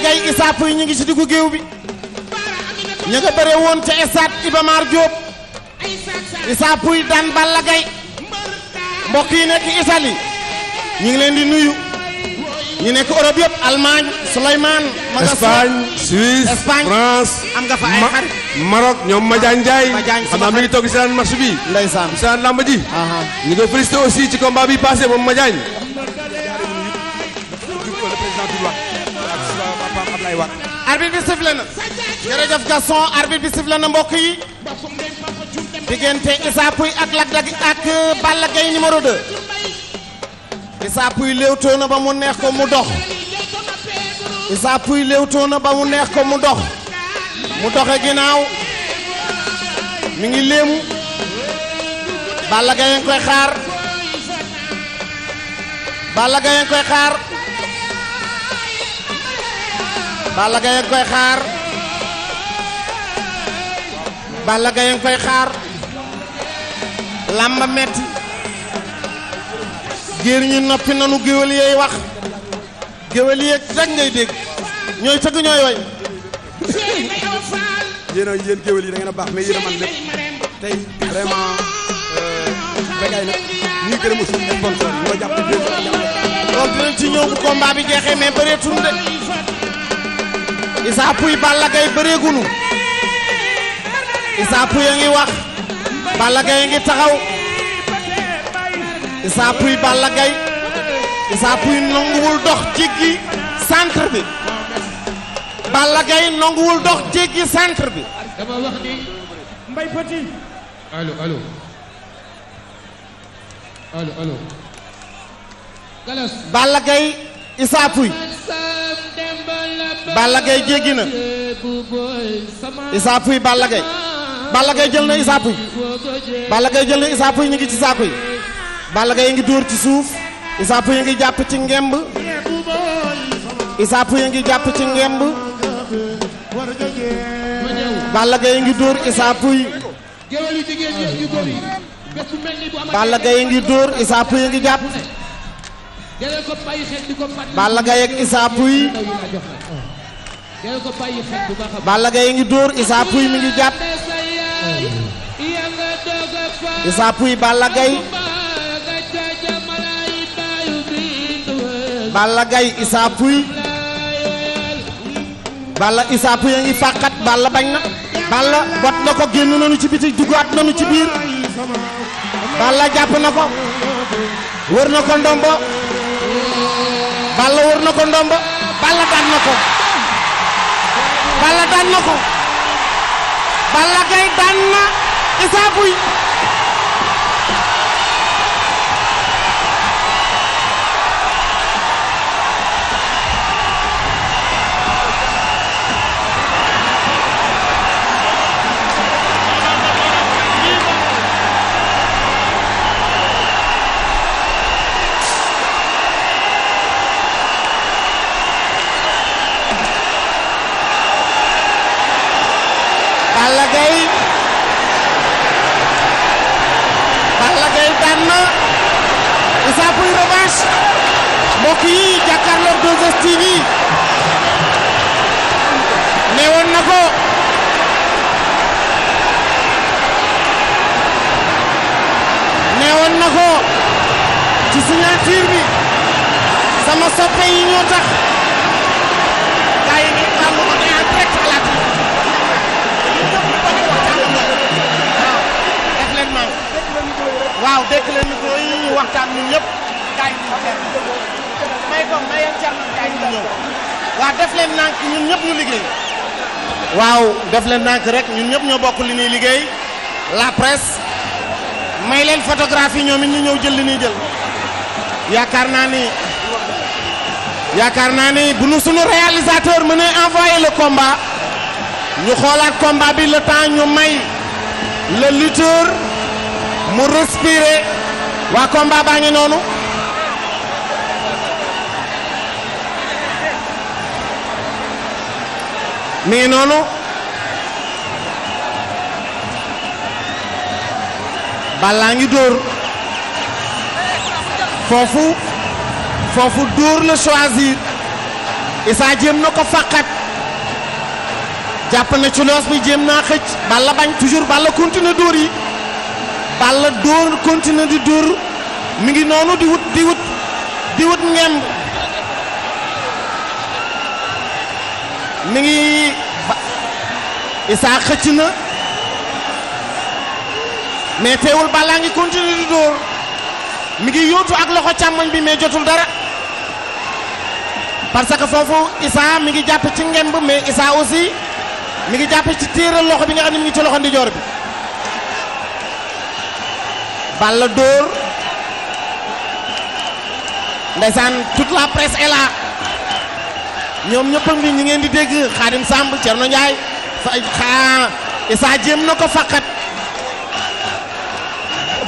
gay Issa Pouye ñu ngi ci diggu geew bi ña nga won ci ca ibamar job Mar Diop Issa Pouye daan Balla gay mbokk yi nek isali ñi ngi leen di nuyu ñi nek Europe yeb Allemagne Souleymane ma Espagne Suisse Espagne France am nga fa ay xar Maroc ñoom Madiagne Ndiaye xam na mi ngi toog si daan match bi ndaysan si daan lamb ji ñi koy félicité aussi ci combat bi passé ma Thank you. Njaay war arbitre bi sifle na jërëjëf Gaston arbitre bi na mbokk yi diggante Issa Pouye ak Lac de ak euh, Balla Gaye numéro 2 Issa Pouye léewtoo na ba mu neex ko mu dox Issa Pouye na ba mu neex ko mu dox mu doxe ginnaaw mu ngi léemu Balla Gaye nga koy xaar Balla Gaye nga koy xaar Balla Gaye a ngi koy xaar Balla Gaye a ngi koy xaar làmba metti géer ñu noppi nanu géwél yeey wax géwél yeeg rek ngay dégg ñooy tëgg ñooy way yéen a yi da a baax mais yéen a man lépp tey vraiment euh, bégaay nag ñuy gërëm aussi sponsor yi ñoo jàpp bi jeexee mais bëreetul de Issa Pouye Balla Gaye a ngi wax Balla a ngi taxaw Issa Pouye Balla nanguwul dox jéggi centre bi Balla nanguwul dox jéggi centre bi Balla Gaye jéggi na Issa Pouye Balla Gaye Balla na Issa Pouye jël na Issa ñu ngi ci saako yi Balla ngi dóor ci suuf Issa Pouye ngi jàpp ci ngemb Issa Pouye jàpp ci ngemb ngi dóor Issa Pouye Balla Gaye ngi dóor Issa Pouye ngi jàpp Balla Gaye ak Issa Pouye Balla Gaye ngi dóor Issa Pouye mi ngi jàpp Issa Pouye Balla Gaye Balla Balla Issa a ngi fàqat Balla bañ na Balla bot na ko génn nañu ci biti duggaat nañu ci biir Balla jàpp na ko wër na ko ndombo Balla wër na ko ndombo Balla daan na ko Balla daan na ko Balla Gaye daan na Issa mbokk yi jàkkaarloog 2STV neewoon ko neewoon ko ci signature bi sama soppe yi ñoo tax def leen nànk ñun ñëpp ñu liggéey waaw def leen nànk rek ñun ñëpp ñoo bokk li ñuy liggéey la presse may leen photographie ñoom it ñu ñëw jël li ñuy jël yaakaar naa ni yaakaar naa ni bu nu suñu réalisateur mën a envoyé le combat ñu xoolaat combat bi le temps ñu may le lutteur mu respirer waa combat baa ngi noonu. mi ngi noonu ballaa ngi dóor foofu foofu dóor la choisir Issa jéem na ko fàqat jàpp na ci loos bi jéem naa xëcc balla bañ toujours balla continue dóor yi balla dóor continue di dóor mi ngi noonu di wut di ngemb mi ngi Issa xëcc na mais teewul Balla ngi continuer di dóor mi ngi yóotu ak loxo càmmoñ bi mais jotul dara parce que foofu Issa mi ngi jàpp ci ngemb mais Issa aussi mi ngi jàpp ci téeral loxo bi nga xam ne mi ngi ci loxo ndijoor bi Balla dóor ndeysaan toute la presse est ñoom ñëppam ngi ñu ngeen di dégg Xaadim Samb Thierno Ndiaye sa xaa Issa jéem na ko faqat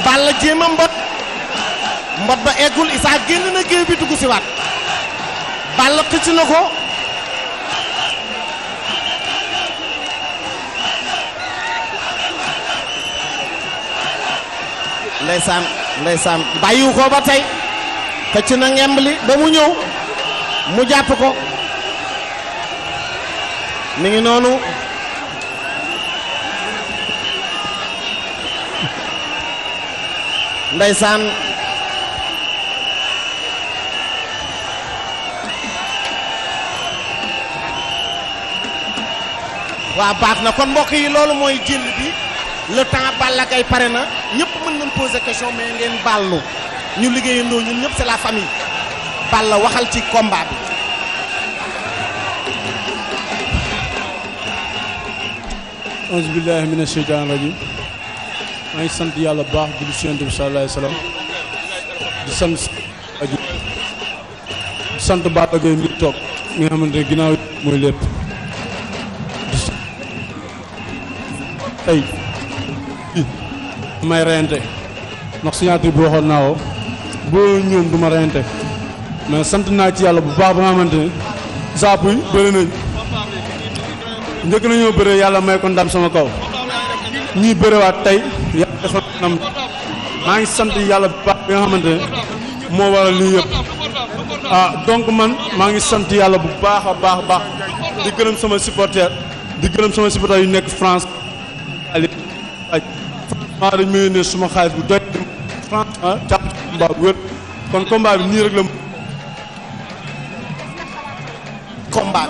Balla jéem a mbot mbot ba eggul Issa génn na géew bi dugg si waat xëcc na ko ndeysaan ndeysaan bàyyiwu ko ba tey xëcc na ngemb li ba mu ñëw mu jàpp ko mi ngi noonu ndeysaan waa baax na kon mbokk yi loolu mooy jël bi le temps Balla Gaye pare na ñëpp mën nañ poser question mais ngeen baal nu ñu liggéeyandoo ñun ñëpp c'est la famille Balla waxal ci combat bi auzu billaahi mina sheytaani maa ngi sant yàlla bu baax julli ci Yonent bi sallallaahu alayhi wa sallam di sant aju di sant Balla Gaye mi toog xamante ne ginnaaw mooy lépp tey may reyante ndax signature bi waxoon naa woo boo ñoom du reyante mais sant naa ci yàlla bu baax ba nga xamante ne saapuy bëri nañ njëkk nañu bëre yàlla may ko ndam sama kaw bëre waat tey yàlla defal ndam maa ngi sant yàlla bu baax bi nga xamante ne moo waral lii yëpp ah donc man maa ngi sant yàlla bu baax a baax baax di gërëm sama supporter di gërëm sama supporter yu nekk France franchement dañ may ne suma xaalis bu doy franchement càpp combat bu wér kon combat bi nii rek la combat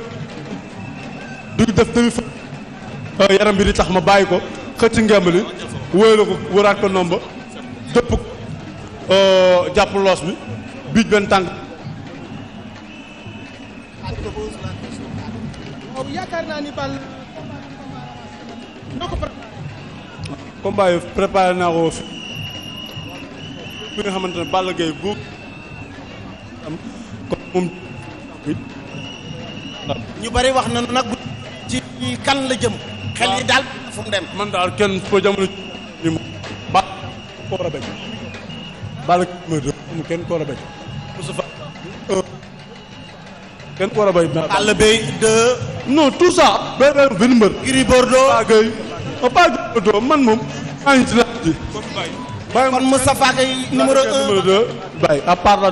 def demi fa oh, yaram bi di tax ma bayiko xëc ngembali wëlu ko wëraat ko nomba euh oh, japp loss bi biij ben tang combat ci kan la jëm. xel yi daal fu mu dem. man daal kenn foo jamono ji mu. baal ko war a baal kenn ko war a bañ. Moustapha. kenn ko war a bañ. Balla Gaye 2. non tout ça. béy béy benn man moom. maa ngi ci laaj ji. kon Moustapha Gueye numéro 1 numéro 2. Baye la.